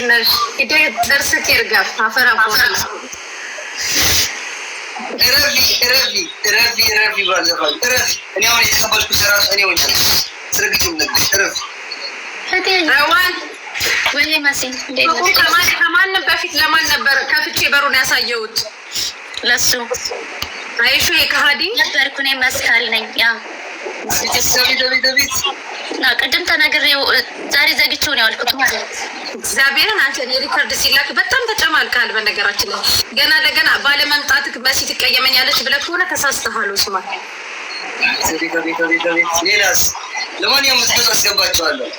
እንዴት ነሽ? ጥርስት ይርጋፍ አፈራ ረቢ ረቢ ረቢ ረቢ ባለፈው ረቢ እኔ አሁን የተቀበልኩ ስራ እኔ ሆኛለሁ። ስርግጭ ነግሽ ረቢ ረዋን ወይ መሲ ከማንም በፊት ለማን ነበር ከፍቼ በሩን ያሳየሁት? ለሱ አይሹ የካሃዲ ነበርኩ እኔ መስካሪ ነኝ። ያ ቤት ቅድም ተነግሬው ዛሬ ዘግቼውን ያልኩት እግዚአብሔርን አንተ ሪከርድ ሲላክ በጣም ተጨማልካል። በነገራችን ላይ ገና ለገና ባለመምጣት መሲ ትቀየመኛለች ብለህ ከሆነ ተሳስተሃል። ስማል ሌላስ ለማንኛውም መዝገብ አስገባቸዋለሁ።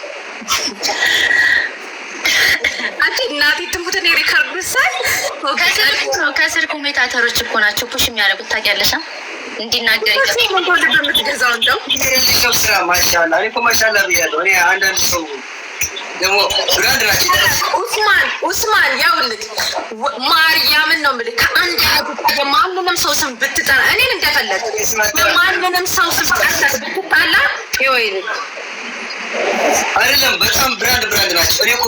አንቺ እናቴ ትሙትን ሪከርዱ ሳይ ከስር ኮሜንታተሮች እኮ ናቸው ፑሽ የሚያደርጉት ታውቂያለሽ። እንዲናገር ስራ ማሻላ እኔ ማሻላ ብያለሁ። እኔ አንዳንድ ሰው ብራንድ ናቸው። ኡስማን ኡስማን ያውልክ ማርያምን ነው የምልህ። ከአንድ የማንንም ሰው ስም ብትጠራ እኔን እንደፈለግ የማንንም ሰው ስም ብትጣላ ይወይል አይደለም። በጣም ብራንድ ብራንድ ናቸው። እኔ እኮ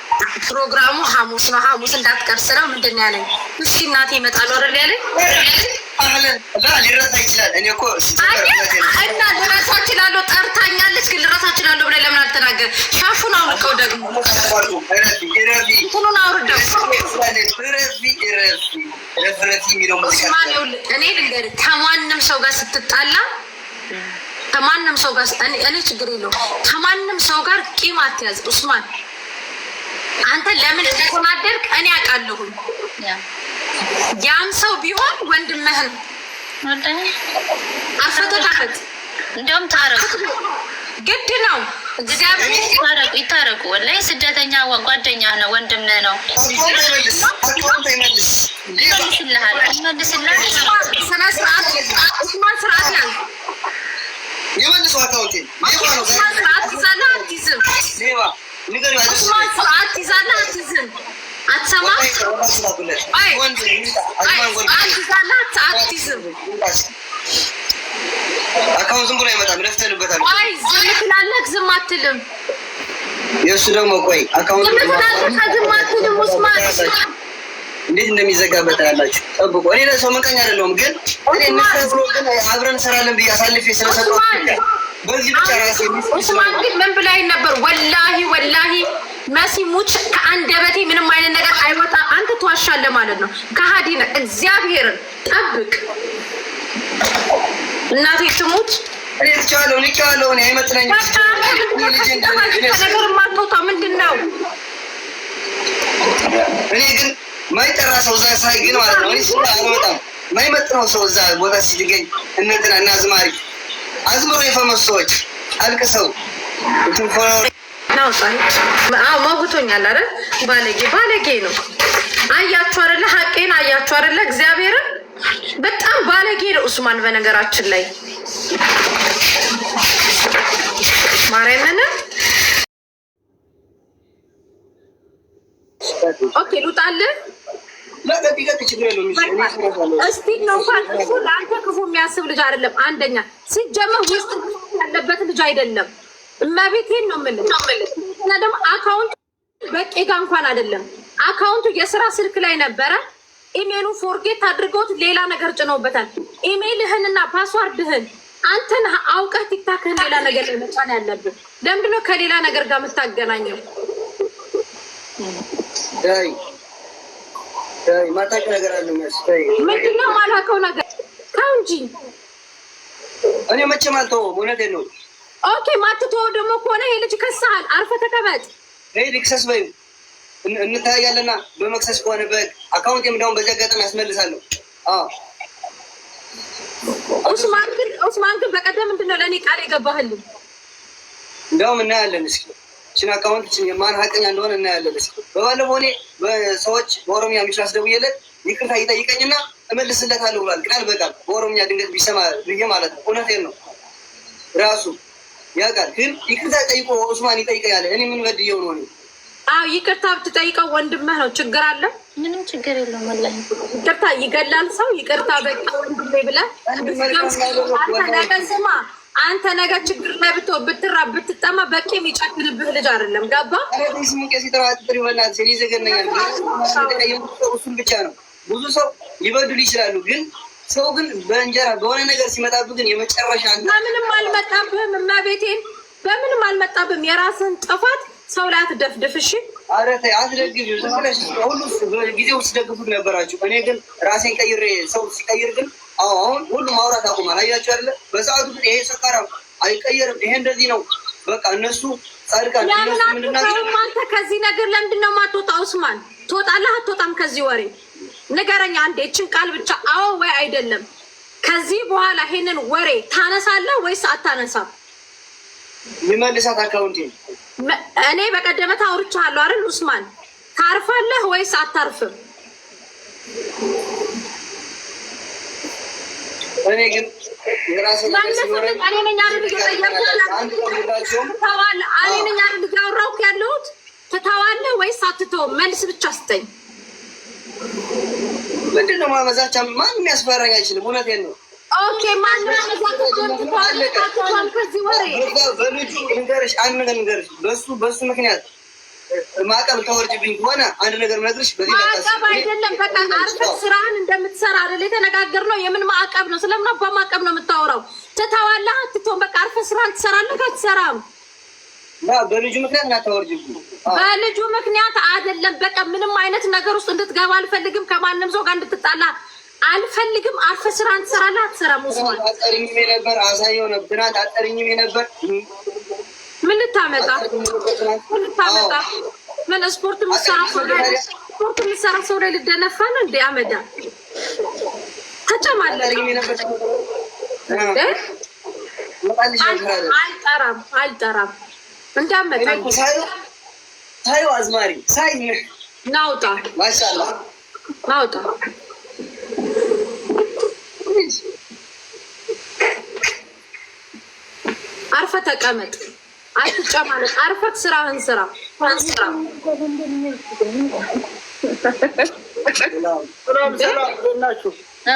ፕሮግራሙ ሐሙስ ነው። ሐሙስ እንዳትቀር ስራ ምንድን ነው ያለኝ? እሺ እናቴ ይመጣሉ አይደል ያለኝ። ልረሳ ይችላል። እና ልረሳ እችላለሁ፣ ጠርታኛለች ግን ልረሳ እችላለሁ ብለህ ለምን አልተናገር? ሻፉን አውልቀው ደግሞ እንትኑን አውርደው እኔ ልንገርህ፣ ከማንም ሰው ጋር ስትጣላ ከማንም ሰው ጋር እኔ ችግር የለውም ከማንም ሰው ጋር ቂም አትያዝ ኡስማን አንተ ለምን እንደተናደድክ እኔ አውቃለሁኝ። ያም ሰው ቢሆን ወንድምህን አፈቶ ታፈት እንዲያውም ታረቁ ግድ ነው። ይታረቁ ይታረቁ። ወላሂ ስደተኛ ጓደኛ ነው፣ ወንድም ነው። ይመልስልሃል፣ ይመልስልሃል። ስነ ስርዓት ስርዓት ይመልስ ኡስማን ሰዓት ብሎ አይመጣም። ለፍተንበታል። ቆይ ዝም ትላለህ፣ ዝም የእሱ ደግሞ ቆይ እንዴት እንደሚዘጋበት ያላችሁ ጠብቆ። እኔ ለሰው ምቀኛ አይደለሁም፣ ግን አብረን እንሰራለን ብዬ አሳልፌ ስለሰጠሁ ኡስማን ግን ምን ነበር? ወላሂ ወላሂ መሲ ሙች ከአንደበቴ ምንም አይነት ነገር አይወጣ። አንተ ትዋሻለህ ማለት ነው። ከሀዲ ነህ። እግዚአብሔርን ጠብቅ። እናቴ ትሙት ነው? እኔ ግን ማይጠራ ሰው እዛ ማለት ነው ማይመጥነው ሰው እዛ ቦታ ሲገኝ እነትና እና ዝማሪ አዝመራ የፈመሱ ሰዎች አልቅሰው መጉቶኛል። አረ ባለጌ ባለጌ ነው። አያችሁ አደለ? ሀቄን አያችሁ አደለ? እግዚአብሔርን በጣም ባለጌ ነው ኡስማን። በነገራችን ላይ ማርያምን ኦኬ ሉጣለ እስቲል ነው ለአንተ ክፉ የሚያስብ ልጅ አይደለም። አንደኛ ሲጀመር ውስጥ ያለበት ልጅ አይደለም። እመቤቴን ነው የምልህ ደግሞ አካውንቱ በቄ ጋ እንኳን አይደለም። አካውንቱ የስራ ስልክ ላይ ነበረ። ኢሜሉ ፎርጌት አድርገውት ሌላ ነገር ጭነውበታል። ኢሜይልህንና ፓስዋርድህን አንተን አውቀህ ቲክታክህን ሌላ ነገር ላይ ያለብን ለምንድነው? ከሌላ ነገር ጋር የምታገናኘው የማታውቂው ነገር ምንድን ነው የማላውቀው ነገር? ተው እንጂ እኔ መቼም አልተወውም። እውነቴን ነው። ኦኬ፣ ማትተወው ደግሞ ከሆነ ይሄ ልጅ ከሰሃል፣ አርፈ ተቀመጥ። ይሄ እንታያለና በመክሰስ ከሆነ በአካውንት የምዳሁን በዚህ አጋጣሚ ያስመልሳለሁ። ኡስማን ግን በቀደም ምንድን ነው ለእኔ ቃል የገባህልኝ? እንዲያውም እናያለን እስኪ ችን አካውንት የማን ሀቀኛ እንደሆነ እናያለን። በባለፈው እኔ ሰዎች በኦሮሚያ ሚችል አስደውዬለት ይቅርታ ይጠይቀኝና እመልስለታለሁ ብሏል። ቃል በቃል በኦሮሚያ ድንገት ቢሰማ ብዬ ማለት ነው። እውነቴን ነው ራሱ ያውቃል። ግን ይቅርታ ጠይቆ ኡስማን ይጠይቀኛል። እኔ ምን በድየው ነው? አዎ ይቅርታ ብትጠይቀው ወንድምህ ነው። ችግር አለ? ምንም ችግር የለውም። ወላ ይቅርታ ይገላል ሰው ይቅርታ በቃ ወንድሜ ብለህ ስማ አንተ ነገ ችግር ላይ ብቶ ብትራ ብትጠማ በቂ የሚጨክንብህ ልጅ አይደለም። ገባ እሱን ብቻ ነው። ብዙ ሰው ሊበዱል ይችላሉ፣ ግን ሰው ግን በእንጀራ በሆነ ነገር ሲመጣብህ ግን የመጨረሻ በምንም አልመጣብህም። እመቤቴን በምንም አልመጣብህም። የራስህን ጥፋት ሰው ላይ አትደፍድፍ እሺ። ኧረ ተይ አትደግፊው። ዝም ብለሽ ሁሉ ጊዜው ስደግፉት ነበራችሁ። እኔ ግን ራሴን ቀይሬ ሰው ሲቀይር ግን አሁን ሁሉም ማውራት አቁማል። አያቸው አለ በሰዓቱ ግን ይሄ ሰካራ አይቀየርም፣ ይሄ እንደዚህ ነው። በቃ እነሱ ጻድቃን ከዚህ ነገር ለምንድን ነው ማትወጣ? ኡስማን ትወጣለህ አትወጣም? ከዚህ ወሬ ንገረኝ አንዴ፣ እችን ቃል ብቻ አዎ ወይ አይደለም። ከዚህ በኋላ ይሄንን ወሬ ታነሳለህ ወይስ አታነሳም? ይመልሳት አካውንቴ እኔ በቀደመ ታውርቻለሁ አይደል? ኡስማን ታርፋለህ ወይስ አታርፍም? እኔ ግን ያወራሁት ያለሁት ትተዋለህ ወይስ አትተውም? መልስ ብቻ ስጠኝ። ምንድን ነው ማመዛቻ? ማንም ያስፈራኝ አይችልም። እውነቴን ነው ኦኬ ማንም በሱ በሱ ምክንያት ማዕቀብ ተወርጅብኝ ከሆነ አንድ ነገር ምነግርሽ ማዕቀብ አይደለም። በቃ አርፈህ ስራህን እንደምትሰራ አይደል የተነጋገርነው። የምን ማዕቀብ ነው? ስለምን በማዕቀብ ነው የምታወራው? ትተዋለህ አትተውም? በቃ አርፈህ ስራህን ትሰራለህ አትሰራም? በልጁ ምክንያት እናታወርጅብኝ በልጁ ምክንያት አይደለም። በቃ ምንም አይነት ነገር ውስጥ እንድትገባ አልፈልግም። ከማንም ሰው ጋር እንድትጣላ አልፈልግም። አርፈ ስራ ትሰራለህ አትሰራም። ወስዋል አጠሪኝም የነበር አሳየው ነበር አጠሪኝም የነበር ምን ልታመጣ ምን ልታመጣ ምን ስፖርት የምትሰራ ሰው ላይ ስፖርት የምትሰራ ሰው ላይ ልደነፋ ነው እንዴ? አመዳ ተጨማለሪ አልጠራም አልጠራም እንዳመጣ ታዩ አዝማሪ ሳይ ናውጣ ማሻአላ ናውጣ አርፈ ተቀመጥ፣ አትጨማለቅ። አርፈ ስራህን ስራ ስራ።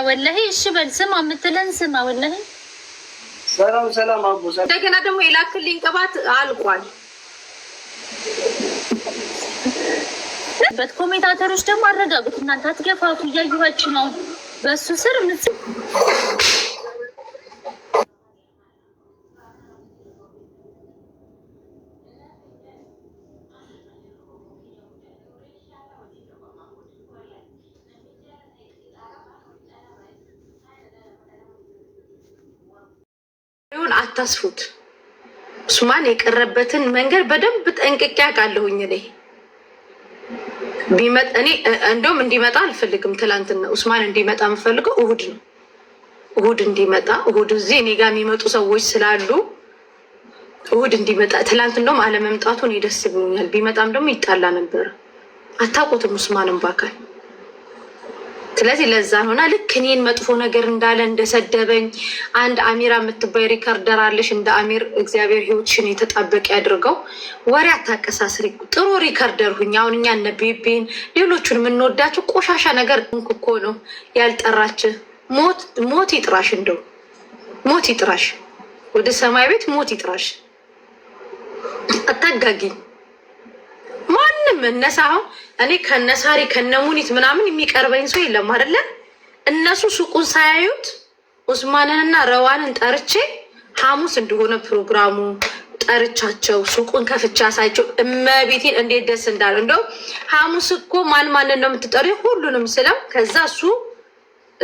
ወላሂ እሺ በል ስማ፣ የምትለን ስማ። ወላሂ ሰላም ሰላም። እንደገና ደግሞ የላክልኝ ቅባት አልቋል። በት ኮሜንታተሮች ደግሞ አረጋጉት እናንተ አትገፋቱ፣ እያየኋችሁ ነው። በእሱ ስር አታስፉት። ኡስማን የቀረበትን መንገድ በደንብ ጠንቅቄ አውቃለሁኝ እኔ። እኔ እንደውም እንዲመጣ አልፈልግም። ትላንትና ኡስማን እንዲመጣ የምፈልገው እሁድ ነው። እሁድ እንዲመጣ እሁድ እዚህ እኔ ጋር የሚመጡ ሰዎች ስላሉ እሁድ እንዲመጣ። ትላንት እንደውም አለመምጣቱ እኔ ደስ ብሎኛል። ቢመጣም ደግሞ ይጣላ ነበረ። አታውቁትም ኡስማንም በአካል ስለዚህ ለዛ ሆና ልክ እኔን መጥፎ ነገር እንዳለ እንደሰደበኝ አንድ አሚራ የምትባይ ሪከርደር አለሽ። እንደ አሚር እግዚአብሔር ህይወትሽን የተጣበቀ ያድርገው። ወሬ አታቀሳስሪ። ጥሩ ሪከርደር ሁኝ። አሁን እኛ እነ ቤቢን ሌሎቹን የምንወዳቸው ቆሻሻ ነገር እኮ ነው ያልጠራች። ሞት ይጥራሽ፣ እንደው ሞት ይጥራሽ፣ ወደ ሰማይ ቤት ሞት ይጥራሽ። አታጋጊኝ ማንም እነሳሁ እኔ ከነሳሪ ከነሙኒት ምናምን የሚቀርበኝ ሰው የለም አይደለ? እነሱ ሱቁን ሳያዩት ኡስማንንና ረዋንን ጠርቼ ሐሙስ እንደሆነ ፕሮግራሙ ጠርቻቸው ሱቁን ከፍቻ አሳያቸው። እመቤቴን እንዴት ደስ እንዳለ እንደው ሐሙስ እኮ ማን ማንን ነው የምትጠሩ? ሁሉንም ስለው ከዛ እሱ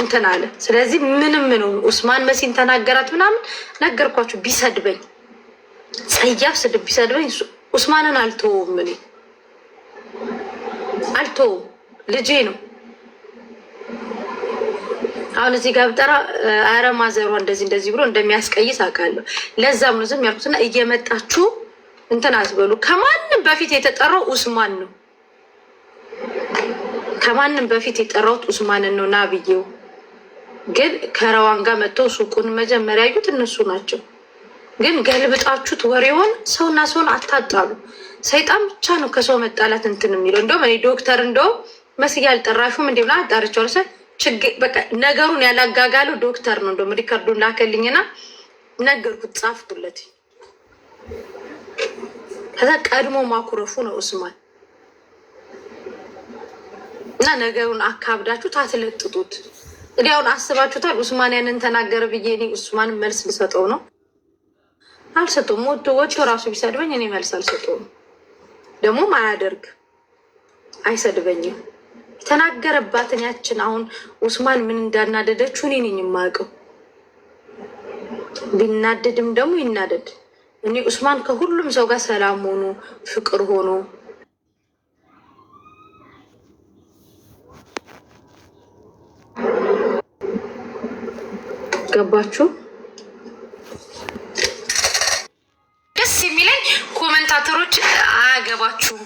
እንትን አለ። ስለዚህ ምንም ነው ኡስማን መሲን ተናገራት ምናምን ነገርኳቸው። ቢሰድበኝ ጸያፍ ስድብ ቢሰድበኝ ኡስማንን አልተውም እኔ አልቶ ልጄ ነው። አሁን እዚህ ጋር ብጠራ አረማ ማዘሯ እንደዚህ እንደዚህ ብሎ እንደሚያስቀይስ አውቃለሁ። ለዛም ነው ዝም ያልኩትና እየመጣችሁ እንትን አስበሉ ከማንም በፊት የተጠራው ኡስማን ነው። ከማንም በፊት የጠራውት ኡስማንን ነው። ና ብዬው ግን ከረዋን ጋር መጥተው ሱቁን መጀመሪያ ያዩት እነሱ ናቸው። ግን ገልብጣችሁት ወሬውን ሰውና ሰውን አታጣሉ። ሰይጣን ብቻ ነው ከሰው መጣላት እንትን የሚለው። እንደውም እኔ ዶክተር እንደውም መስዬ አልጠራሹም እንዲ ብላ አጣርቻው ነገሩን ያላጋጋለው ዶክተር ነው። እንደውም ሪከርዱን ላከልኝና ነገርኩት፣ ጻፍኩለት። ከዛ ቀድሞ ማኩረፉ ነው እስማል እና ነገሩን አካብዳችሁ ታትለጥጡት። እንግዲህ አስባችሁታል። ኡስማን ያንን ተናገረ ብዬ እኔ ኡስማን መልስ ልሰጠው ነው አልሰጡም። ወቶ ወጪው ራሱ ቢሰድበኝ እኔ መልስ አልሰጡም። ደግሞም አያደርግ አይሰድበኝም። የተናገረባትን ያችን አሁን ኡስማን ምን እንዳናደደችው እኔ ነኝ የማውቀው። ቢናደድም ደግሞ ይናደድ። እኔ ኡስማን ከሁሉም ሰው ጋር ሰላም ሆኖ ፍቅር ሆኖ ገባችሁ ኮመንታተሮች አያገባችሁም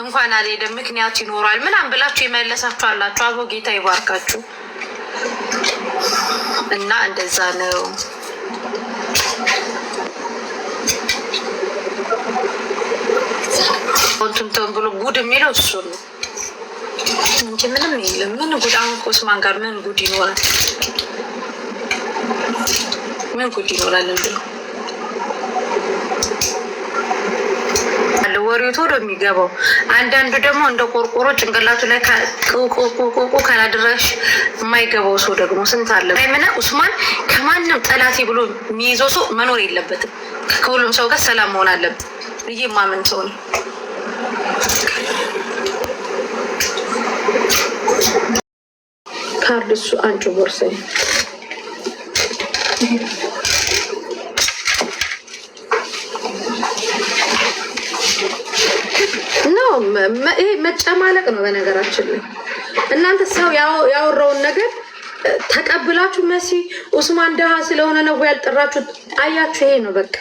እንኳን አልሄደም ምክንያት ይኖራል ምናምን ብላችሁ የመለሳችሁ አላችሁ። አቦ ጌታ ይባርካችሁ እና እንደዛ ነው። ሁንቱም ተን ብሎ ጉድ የሚለው እሱ ነው እንጂ ምንም የለም። ምን ጉድ አሁን ከኡስማን ጋር ምን ጉድ ይኖራል? ምን ጉድ ይኖራል ብለው ወሬው ቶሎ የሚገባው። አንዳንዱ ደግሞ እንደ ቆርቆሮ ጭንቅላቱ ላይ ቁቁቁ ካላደረሽ የማይገባው ሰው ደግሞ ስንት አለ። ምና ኡስማን ከማንም ጠላቴ ብሎ የሚይዘው ሰው መኖር የለበትም። ከሁሉም ሰው ጋር ሰላም መሆን አለበት ብዬ የማምን ሰው ነው። ካርድ እሱ አንቺ ቦርሳዬ ይሄ መጨማለቅ ነው። በነገራችን ላይ እናንተ ሰው ያወራውን ነገር ተቀብላችሁ መሲ ኡስማን ደሃ ስለሆነ ነው ያልጠራችሁት። አያችሁ፣ ይሄ ነው በቃ።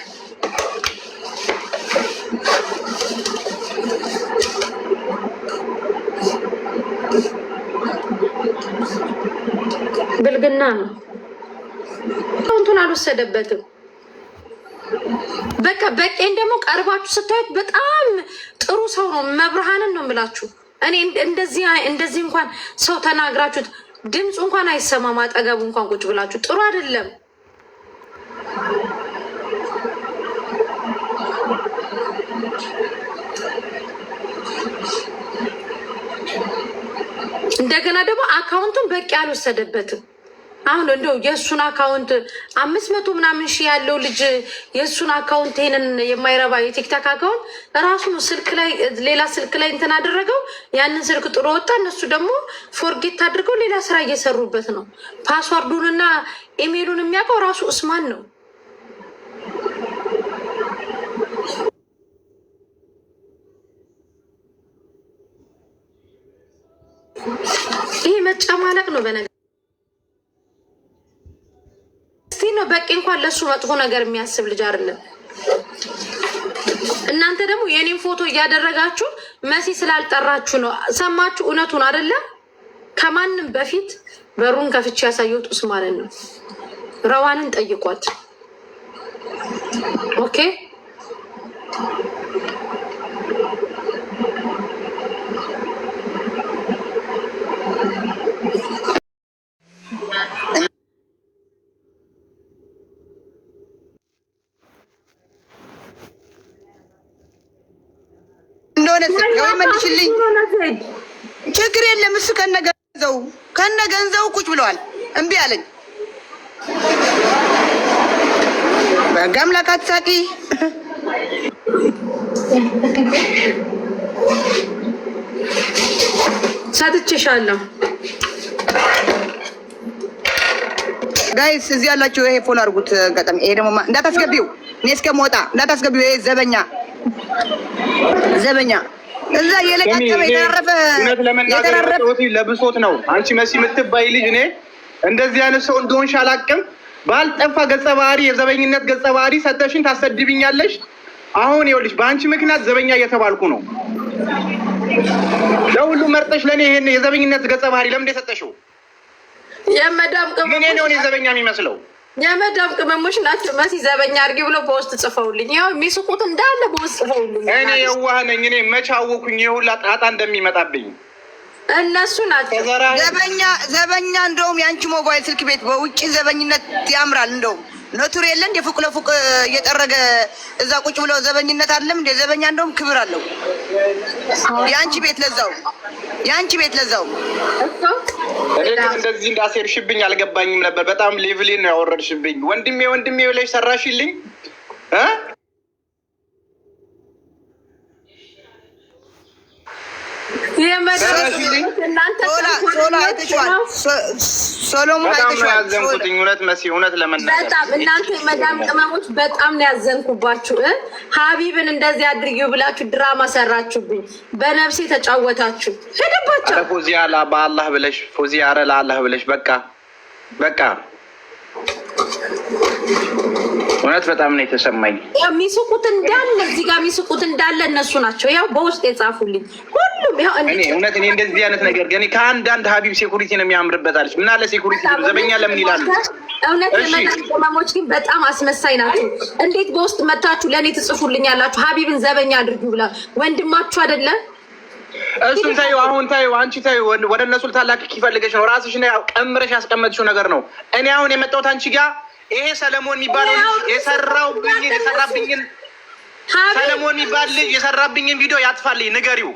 ብልግና ነው። እንትን አልወሰደበትም። በቃ በቄን ደግሞ ቀርባችሁ ስታዩት በጣም ጥሩ ሰው ነው። መብርሃንን ነው የምላችሁ እኔ እንደዚህ እንደዚህ እንኳን ሰው ተናግራችሁት ድምፁ እንኳን አይሰማም። አጠገቡ እንኳን ቁጭ ብላችሁ ጥሩ አይደለም። እንደገና ደግሞ አካውንቱን በቂ አልወሰደበትም። አሁን እንደው የእሱን አካውንት አምስት መቶ ምናምን ሺ ያለው ልጅ የእሱን አካውንት ይሄንን የማይረባ የቲክታክ አካውንት ራሱ ስልክ ላይ ሌላ ስልክ ላይ እንትን አደረገው። ያንን ስልክ ጥሎ ወጣ። እነሱ ደግሞ ፎርጌት አድርገው ሌላ ስራ እየሰሩበት ነው። ፓስዋርዱንና ኢሜሉን የሚያውቀው ራሱ እስማን ነው። ይሄ መጫማለቅ ነው በነገ እንዴት ነው በቂ እንኳን ለሱ መጥፎ ነገር የሚያስብ ልጅ አይደለም። እናንተ ደግሞ የኔን ፎቶ እያደረጋችሁ መሲ ስላልጠራችሁ ነው። ሰማችሁ? እውነቱን አይደለም። ከማንም በፊት በሩን ከፍቼ ያሳየሁት ማለት ነው። ረዋንን ጠይቋት። ኦኬ እንደሆነ ወይ መልሽልኝ። ችግር የለም እሱ ከነገንዘቡ ከነገንዘቡ ቁጭ ብለዋል። እምቢ አለኝ። በሕግ አምላክ አትሳቂ። ሰጥቼሻለሁ። ጋይስ እዚህ ያላችሁ ይሄ ፎሎ አድርጉት። አጋጣሚ ይሄ ደግሞ እንዳታስገቢው እኔ እስከምወጣ እንዳታስገቢው ይሄ ዘበኛ ዘበኛ እዛ የለቃቀመ የተረረፈ የተረረፈ ለብሶት ነው። አንቺ መሲ የምትባይ ልጅ እኔ እንደዚህ አይነት ሰው እንደሆንሽ አላቅም። ባልጠፋ ገጸ ባህሪ የዘበኝነት ገጸ ባህሪ ሰተሽን ታሰድብኛለሽ። አሁን ይኸውልሽ በአንቺ ምክንያት ዘበኛ እየተባልኩ ነው። ለሁሉ መርጠሽ ለእኔ ይሄን የዘበኝነት ገጸ ባህሪ ለምን የሰጠሽው? የመዳም ቀ ምን ነው ዘበኛ የሚመስለው የመዳብ ቅመሞች ናቸው መሲ ዘበኛ አርጌ ብሎ በውስጥ ጽፈውልኝ፣ ያው የሚስቁት እንዳለ በውስጥ ጽፈውልኝ። እኔ የዋህ ነኝ። እኔ መቼ አወኩኝ የሁላ ጣጣ እንደሚመጣብኝ እነሱ ናቸው። ዘበኛ ዘበኛ እንደውም የአንቺ ሞባይል ስልክ ቤት በውጭ ዘበኝነት ያምራል። እንደውም ነቱር የለ እንደ ፉቅ ለፉቅ እየጠረገ እዛ ቁጭ ብለው ዘበኝነት አለም እንደ ዘበኛ እንደውም ክብር አለው። የአንቺ ቤት ለዛው የአንቺ ቤት ለዛው እንዴት እንደዚህ እንዳሴርሽብኝ አልገባኝም ነበር። በጣም ሌቭሌ ነው ያወረድሽብኝ። ወንድሜ ወንድሜ ብለሽ ሰራሽልኝ። ሶሎሞን ያዘንኩትኝ እናንተ የመዳም ቅመሞች በጣም ነው ያዘንኩባችሁ። ሀቢብን እንደዚህ አድርጊው ብላችሁ ድራማ ሰራችሁብኝ፣ በነፍሴ ተጫወታችሁ። ሄደባቸው ኧረ በአላህ ብለሽ ፎዚያ፣ ኧረ ለአላህ ብለሽ በቃ በቃ እውነት በጣም ነው የተሰማኝ። የሚስቁት እንዳለ እዚህ ጋር የሚስቁት እንዳለ እነሱ ናቸው። ያው በውስጥ የጻፉልኝ ሁሉም ያው እውነት እኔ እንደዚህ አይነት ነገር ግን ከአንዳንድ ሀቢብ ሴኩሪቲ ነው የሚያምርበት አለች። ምን አለ ሴኩሪቲ ዘበኛ ለምን ይላሉ? እውነት የመጣ ለመናቅማሞች ግን በጣም አስመሳይ ናቸው። እንዴት በውስጥ መታችሁ ለእኔ ትጽፉልኝ ያላችሁ ሀቢብን ዘበኛ አድርጉ ብላ ወንድማችሁ አይደለም እሱን ታዩ፣ አሁን ታዩ፣ አንቺ ታዩ። ወደ እነሱ ልታላክክ ይፈልገች ነው ራስሽ ቀምረሽ ያስቀመጥሽው ነገር ነው። እኔ አሁን የመጣሁት አንቺ ጋር ይሄ ሰለሞን የሚባለው የሰራውብኝ የሰራብኝን ሰለሞን የሚባል ልጅ የሰራብኝን ቪዲዮ ያጥፋልኝ፣ ንገሪው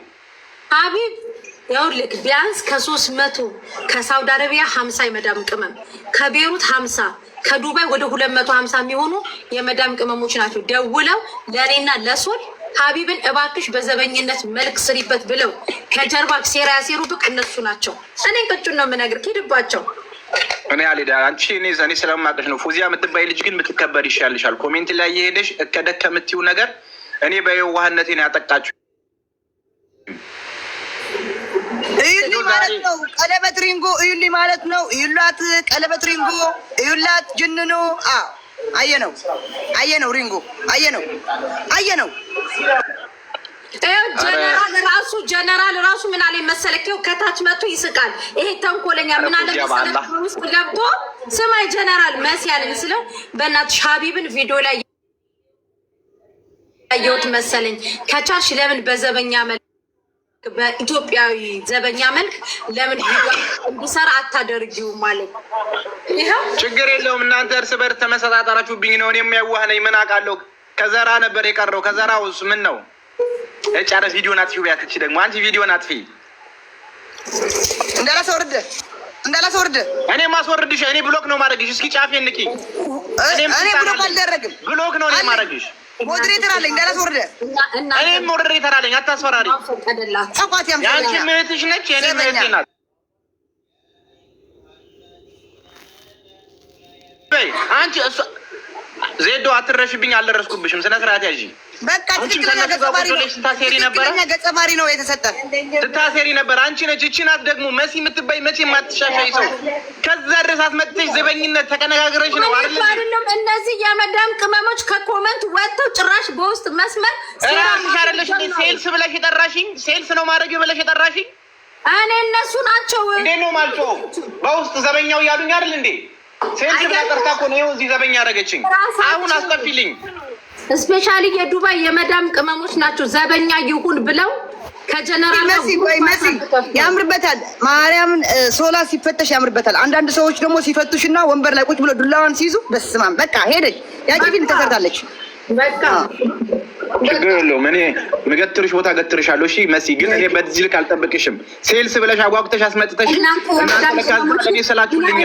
ሀቢብ ያውልክ ቢያንስ ከሶስት መቶ ከሳውዲ አረቢያ ሀምሳ የመዳም ቅመም ከቤሩት ሀምሳ ከዱባይ ወደ ሁለት መቶ ሀምሳ የሚሆኑ የመዳም ቅመሞች ናቸው ደውለው ለእኔና ለሶል ሀቢብን እባክሽ በዘበኝነት መልክ ስሪበት ብለው ከጀርባ ሴራ ያሴሩ ብቅ እነሱ ናቸው። እኔን ቅጩን ነው የምነግርህ፣ ሂድባቸው እኔ አልሄድም። አንቺ እኔ እኔ ስለማውቅሽ ነው። ፉዚያ የምትባይ ልጅ ግን የምትከበር ይሻልሻል። ኮሜንት ላይ እየሄደሽ እከደከ የምትይው ነገር እኔ በየዋህነቴ ነው ያጠቃችሁ እዩሊ ማለት ነው። ቀለበት ሪንጎ እዩሊ ማለት ነው። እዩላት ቀለበት ሪንጎ እዩላት ጅንኑ አየ ነው አየ ነው ሪንጎ አየ ነው አየ ነው ጀነራል ራሱ ጀነራል ራሱ ምን አለ መሰለህ፣ ከታች መጥቶ ይስቃል። ይሄ ተንኮለኛ ምን አለ መሰለህ፣ ውስጥ ገብቶ ስማይ ጀነራል መሲ ያለኝ ስለው በእናትሽ ሀቢብን ቪዲዮ ላይ ያየሁት መሰለኝ። ከቻልሽ ለምን በዘበኛ መልክ በኢትዮጵያዊ ዘበኛ መልክ ለምን ቪዲዮ እንዲሰራ አታደርጊውም? ማለት ይኸው ችግር የለውም እናንተ እርስ በርስ ተመሰጣጠራችሁብኝ ነው። እኔም ያዋህ ነኝ ምን አውቃለሁ። ከዘራ ነበር የቀረው ከዘራ ውስጥ ምን ነው ኧረ ቪዲዮን አጥፊው ቢያክቺ ደግሞ አንቺ ቪዲዮን አጥፊ። እንዳላስወርድ እንዳላስወርድ እኔ ማስወርድሽ እኔ ብሎክ ነው ማድረግሽ። እስኪ ጫፌ ንኪ። እኔ ብሎክ አልደረግም። ብሎክ ነው እኔ ማድረግሽ። ሞዴሬተር አለኝ እንዳላስወርድ። እኔም ሞዴሬተር አለኝ። አታስፈራሪ። የአንቺ ምህትሽ ነች፣ የኔ ምህቴ ናት። አንቺ እሷ ዜዶ አትረሽብኝ፣ አልደረስኩብሽም። ስነ ስርዓት ያዥ። በቃ ትክክለኛ ገጸ ባህሪ ነው የተሰጠን። ስታሴሪ ነበር አንቺ ነች። እቺ ናት ደግሞ መሲ የምትባይ መቼ የማትሻሻይ ሰው። ከዛ ድረስ አትመጥተሽ ዘበኝነት ተቀነጋግረሽ ነው አይደለም። እነዚህ የመዳም ቅመሞች ከኮመንት ወጥተው ጭራሽ በውስጥ መስመር ራስሽ አደለሽ። ሴልስ ብለሽ የጠራሽኝ ሴልስ ነው ማድረግ ብለሽ የጠራሽኝ እኔ እነሱ ናቸው እንዴ ነው ማልቸው በውስጥ ዘበኛው እያሉኝ አይደል እንዴ ሴንስ ቀርታ እኮ ነው እዚህ ዘበኛ ያደረገችኝ። አሁን አስጠፊልኝ። ስፔሻሊ የዱባይ የመዳም ቅመሞች ናቸው ዘበኛ ይሁን ብለው ከጀነራል ያምርበታል። ማርያምን ሶላ ሲፈተሽ ያምርበታል። አንዳንድ ሰዎች ደግሞ ሲፈቱሽና ወንበር ላይ ቁጭ ብሎ ዱላዋን ሲይዙ በስማም በቃ ሄደች ያጭፊን ተሰርታለች በቃ ችግር የለውም። እኔ የምገትርሽ ቦታ ገትርሻለሁ። እሺ መሲ፣ ግን እኔ በዚህ ልክ አልጠብቅሽም። ሴልስ ብለሽ አጓጉተሽ አስመጥተሽ እናንተለካኔ ስላችሁልኛል።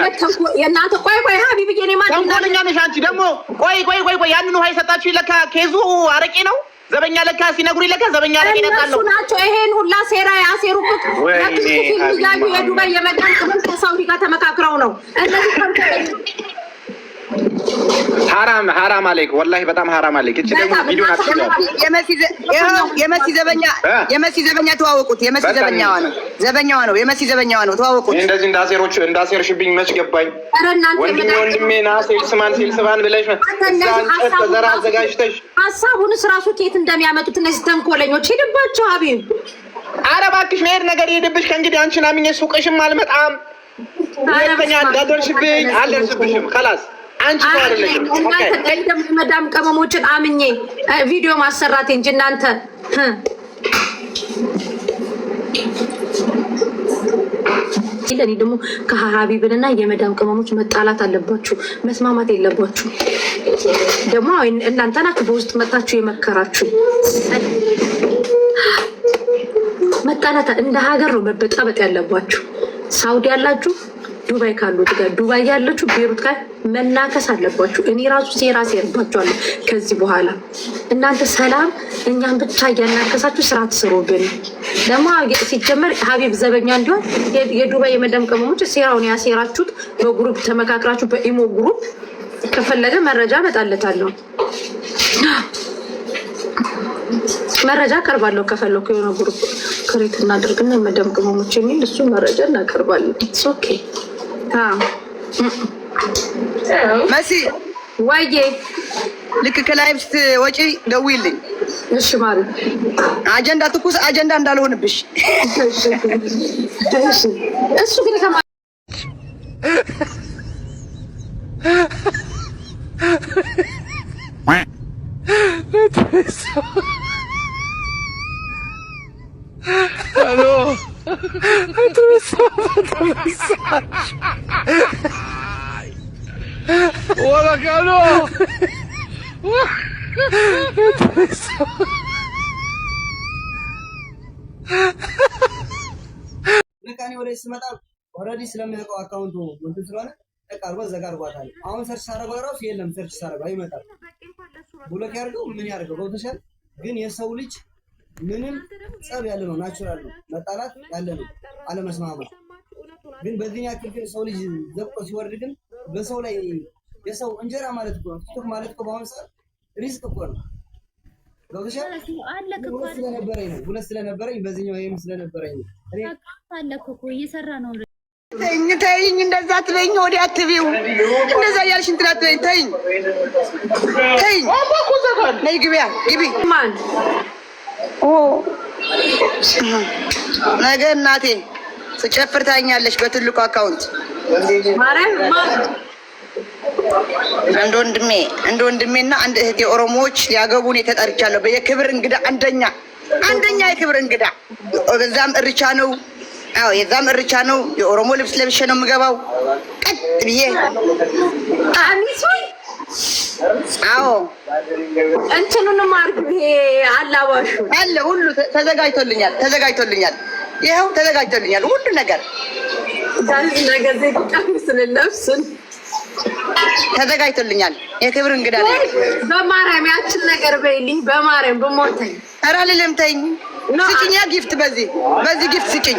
የእናንተ ቆይ ቆይ ሀቢብ ኔ ማንኮለኛ ነሽ አንቺ ደግሞ ቆይ ቆይ ቆይ ቆይ ያንን ውሃ የሰጣችሁ ለካ ኬዙ አረቄ ነው። ዘበኛ ለካ ሲነግሩ ለካ ዘበኛ ለካ ይነቃሉ ናቸው። ይሄን ሁላ ሴራ ያሴሩበት ነቅሱ ፊልም የዱባይ የመዳን ቅብር ከሳውዲ ጋር ተመካክረው ነው እነዚህ ሀራም ሀራም አለይክ ወላሂ በጣም ሀራም አለይክ። እቺ ደግሞ ቪዲዮ የመሲ ዘበኛ የመሲ ዘበኛ ተዋወቁት። የመሲ ዘበኛዋ ነው ዘበኛዋ ነው የመሲ ዘበኛዋ ነው ተዋወቁት። እንደዚህ እንዳሴሮች እንዳሴርሽብኝ መች ገባኝ። ወንድሜ ወንድሜ ና ሴል ስማን ሴል ስማን ብለሽ ዛንጨት አዘጋጅተሽ ሀሳቡንስ ራሱ ከየት እንደሚያመጡት እነዚህ ተንኮለኞች ሄድባቸው። ሀቢብ ኧረ እባክሽ መሄድ ነገር ሄድብሽ። ከእንግዲህ አንቺን አምኜ ሱቅሽም አልመጣም። ሁለተኛ እንዳደርሽብኝ አልደርስብሽም። ከላስ አንቺ እናንተ ቀደም መዳም ቀመሞችን አምኜ ቪዲዮ ማሰራት እንጂ እናንተ እኔ ደግሞ ከሀቢብንና የመዳም ቅመሞች መጣላት አለባችሁ፣ መስማማት የለባችሁ። ደግሞ እናንተ ናችሁ በውስጥ መታችሁ የመከራችሁ። መጣላት እንደ ሀገር ነው መበጣበጥ ያለባችሁ። ሳውዲ ያላችሁ ዱባይ ካሉት ጋር ዱባይ ያለችሁ ቤሩት ጋር መናከስ አለባችሁ። እኔ ራሱ ሴራ ሴርባችኋለሁ ከዚህ በኋላ እናንተ ሰላም እኛን ብቻ እያናከሳችሁ ስራ ትስሩብን። ደግሞ ሲጀመር ሀቢብ ዘበኛ እንዲሆን የዱባይ የመደም ቅመሞች ሴራውን ያሴራችሁት በግሩፕ ተመካክራችሁ በኢሞ ግሩፕ ከፈለገ መረጃ እመጣለታለሁ መረጃ ቀርባለሁ። ከፈለኩ የሆነ ግሩፕ ክሬት እናደርግና የመደምቅመሞች የሚል እሱ መረጃ እናቀርባለን። ኦኬ መሲ ወዬ ልክ ከላይ ስትወጪ ደውዪልኝ። እሺ ማለት አጀንዳ ትኩስ አጀንዳ እንዳልሆንብሽ። እሱ ግን ሄሎ Olha, Carol! ለካኔ ወደ ስመጣ ኦልሬዲ ስለሚያውቀው አካውንቱ እንትን ስለሆነ ጠቅ አድርጎ አሁን ሰርች ሳረገው እራሱ የለም ሰርች ሳረገው አይመጣም። ብሎክ ያድርገው ምን ያደርገው ገብቶሻል። ግን የሰው ልጅ ምንም ጸብ ያለ ነው፣ ናቹራል መጣላት ያለ ነው፣ አለመስማማት ግን በዚህኛ ክፍል ሰው ልጅ ዘቆ ሲወርድ ግን በሰው ላይ የሰው እንጀራ ማለት እኮ ነው። ቲክቶክ ማለት እኮ በአሁኑ ሰዓት ሪስክ እኮ ነው። ገብተሻ ስለነበረኝ ነው ሁለት ስለነበረኝ በዚህኛው ይህም ስለነበረኝ አለክ እኮ እየሰራ ነው። ተይኝ ተይኝ፣ እንደዛ ትለኝ ወዲ አትቢው እንደዛ እያልሽ እንትን አትበይኝ። ተይኝ ተይኝ፣ ነይ ግቢያ ግቢ ማን ነገ እናቴ ስጨፍር ታኛለች በትልቁ አካውንት እንደ ወንድሜ እንደ ወንድሜና አንድ እህቴ ኦሮሞዎች ያገቡን የተጠርቻለሁ። የክብር እንግዳ አንደኛ አንደኛ የክብር እንግዳ እዛም እርቻ ነው። አዎ የዛም እርቻ ነው። የኦሮሞ ልብስ ለብሼ ነው የምገባው ቀጥ ብዬ አዎ እንትኑንም አድርጊው። ይሄ አላባሹ አለ ሁሉ ተዘጋጅቶልኛል፣ ተዘጋጅቶልኛል፣ ይኸው ተዘጋጅቶልኛል ሁሉ ነገር ስለለብስን ተዘጋጅቶልኛል። የክብር እንግዳ በማርያም ያችን ነገር በይልኝ፣ በማርያም በሞተኝ ኧረ አልልም። ተይኝ፣ ስጭኛ ጊፍት፣ በዚህ በዚህ ጊፍት ስጭኝ።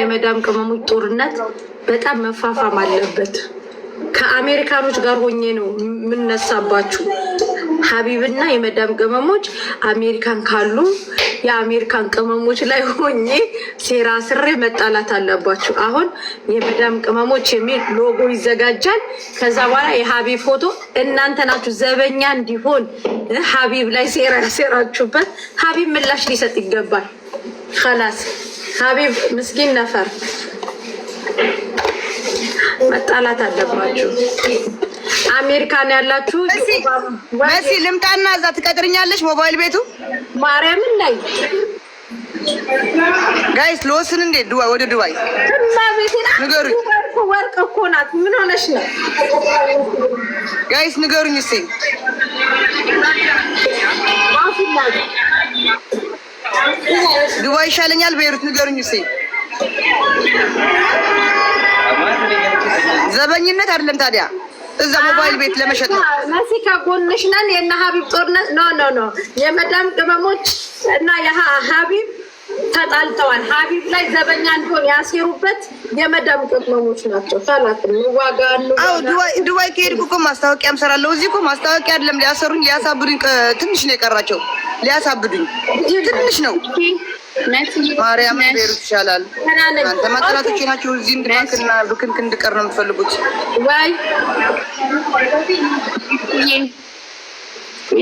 የመዳም ቅመሞች ጦርነት በጣም መፋፋም አለበት። ከአሜሪካኖች ጋር ሆኜ ነው የምነሳባችሁ። ሀቢብና የመዳም ቅመሞች አሜሪካን ካሉ የአሜሪካን ቅመሞች ላይ ሆኜ ሴራ ስሬ መጣላት አለባችሁ። አሁን የመዳም ቅመሞች የሚል ሎጎ ይዘጋጃል። ከዛ በኋላ የሀቢብ ፎቶ እናንተ ናችሁ ዘበኛ እንዲሆን ሀቢብ ላይ ሴራ ያሴራችሁበት ሀቢብ ምላሽ ሊሰጥ ይገባል። ከላስ ሀቢብ ምስኪን ነፈር መጣላት አለባችሁ። አሜሪካን ያላችሁ መሲ ልምጣና እዛ ትቀጥርኛለች። ሞባይል ቤቱ ማርያምን ላይ ጋይስ ሎስን እንዴ ዱባይ ወደ ዱባይ ንገሩ። ወርቅ እኮ ናት። ምን ሆነሽ ነው ጋይስ ንገሩኝ። እሴ ዱባይ ይሻለኛል ቤይሩት ንገሩኝ። እስኪ ዘበኝነት አይደለም ታዲያ እዛ ሞባይል ቤት ለመሸጥ ነው። መሲ ከጎንሽ ነን። የእነ ሀቢብ ጦርነት ኖ ኖ ኖ የመዳም ቅመሞች እና የሀቢብ ተጣልተዋል። ሀቢብ ላይ ዘበኛ እንዲሆን ያሴሩበት የመዳም ቅመሞች ናቸው። ፈላት ዋጋሉ ዱባይ ከሄድኩ እኮ ማስታወቂያም ሰራለሁ። እዚህ እኮ ማስታወቂያ አይደለም ሊያሰሩኝ፣ ሊያሳብዱኝ ትንሽ ነው የቀራቸው። ሊያሳብዱኝ ትንሽ ነው። ማርያም ቤሩት ይሻላል። አንተ ማጠላቶች ናቸው። እዚህ እንድባክና ብክንክ እንድቀር ነው የምትፈልጉት ወይ?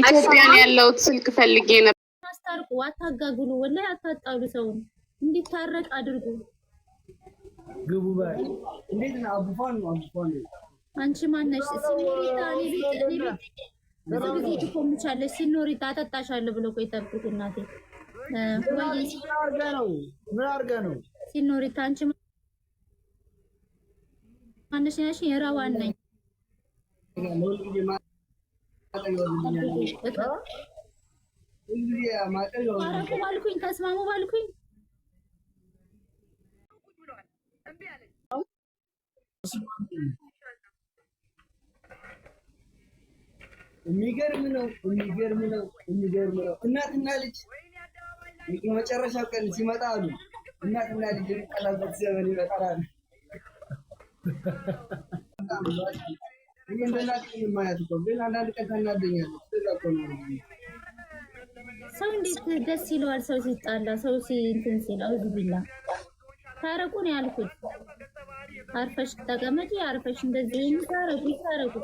ኢትዮጵያን ያለሁት ስልክ ፈልጌ ነበር። አታርቁ፣ አታጋግሉ፣ ወላሂ አታጣሉ። ሰውን እንዲታረቅ አድርጉ። ግቡ ባይ እንዴት ነው? አቡፋን ነው አቡፋን አንቺ ማነሽ? ስሚሪታ ለቤት ለቤት ትቆምቻለሽ። አጠጣሻለሁ ብሎ ቆይ ጠብቁ እናቴ። ነው ምን ነው ሲኖሪታ? አንቺ ማነሽ? የራዋን ነኝ ታረቁ ባልኩኝ ተስማሙ ባልኩኝ የሚገርም ነው፣ የሚገርም ነው፣ የሚገርም ነው። እናትና ልጅ የመጨረሻው ቀን ሲመጣ አሉ እናትና ልጅ የሚቀላበት ዘመን ይመጣል። እንደናት ማያት ግን አንዳንድ ቀን ታናደኛለች። ሰው እንዴት ደስ ይለዋል? ሰው ሲጣላ፣ ሰው ሲንትን ሲል አውዙቢላ ታረቁን ያልኩት። አርፈሽ ተቀመጪ፣ አርፈሽ እንደዚህ የሚታረቁ ይታረቁ፣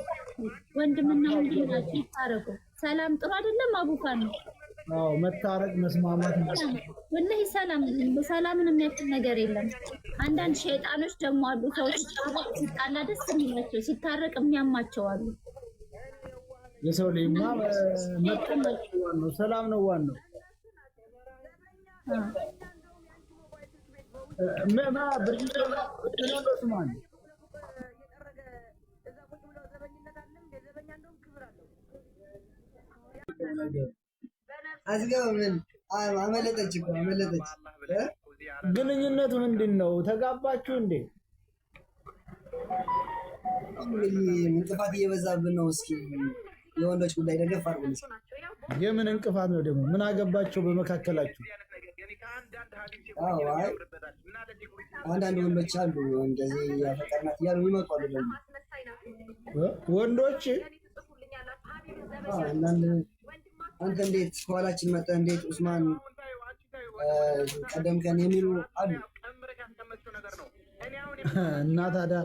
ወንድምና ወንድም ናቸው ይታረቁ። ሰላም ጥሩ አይደለም። አቡካን ነው አዎ፣ መታረቅ መስማማት ወላሂ ሰላም ሰላምን የሚያክል ነገር የለም። አንዳንድ ሸይጣኖች ደግሞ አሉ። ሰዎች ሲጣላ ደስ የሚላቸው ሲታረቅ የሚያማቸው አሉ። የሰው ልጅማ መጠለቅ ዋናው ሰላም ነው። ዋናው ምዕማ ብርጅ ስማን ምን አመለጠች እኮ አመለጠች። ግንኙነቱ ምንድን ነው? ተጋባችሁ እንዴ? እንግዲህ ጥፋት እየበዛብን ነው። እስኪ የወንዶች ጉዳይ ደገፍ አድርጉልኝ። የምን እንቅፋት ነው ደግሞ? ምን አገባቸው በመካከላችሁ? አንዳንድ ወንዶች አሉ እንደዚህ ያፈቀርናት እያሉ ይመጣሉ። ደግሞ ወንዶች አንተ እንዴት ከኋላችን መጠ እንዴት ኡስማን ቀደም የሚሉ አሉ እና ታዲያ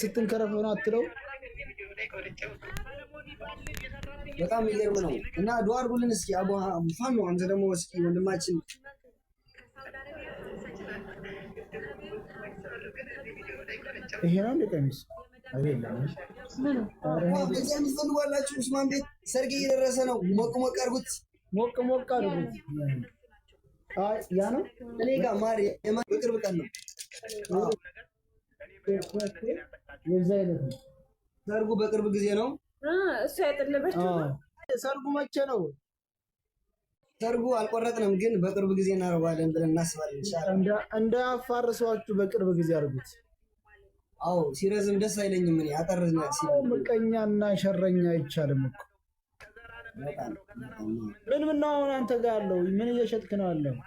ስትንከረፍ ሆነ አትለው በጣም የሚገርም ነው እና ዱዓ አድርጉልን እስኪ አቡ ፋኖ አንተ ደግሞ እስኪ ወንድማችን ይሄ ነው ቀሚስ ቀሚስ ስማን ቤት ሰርግ እየደረሰ ነው። ሞቅ ሞቅ አድርጉት፣ ሞቅ ሞቅ አድርጉት። ያ ነው እኔ ጋር ማሪ የቅርብ ቀን ነው የዛ አይነት ነው ሰርጉ በቅርብ ጊዜ ነው። እሷ ያጠለበችው ሰርጉ መቼ ነው? ሰርጉ አልቆረጥንም፣ ግን በቅርብ ጊዜ እናደርጓለን ብለን እናስባለን። እንዳያፋርሷችሁ በቅርብ ጊዜ አድርጉት። አዎ ሲረዝም ደስ አይለኝም። እኔ አጠርዝ ምቀኛ እና ሸረኛ አይቻልም እኮ ምን ምናሆን አንተ ጋር አለው ምን እየሸጥክ ነው አለው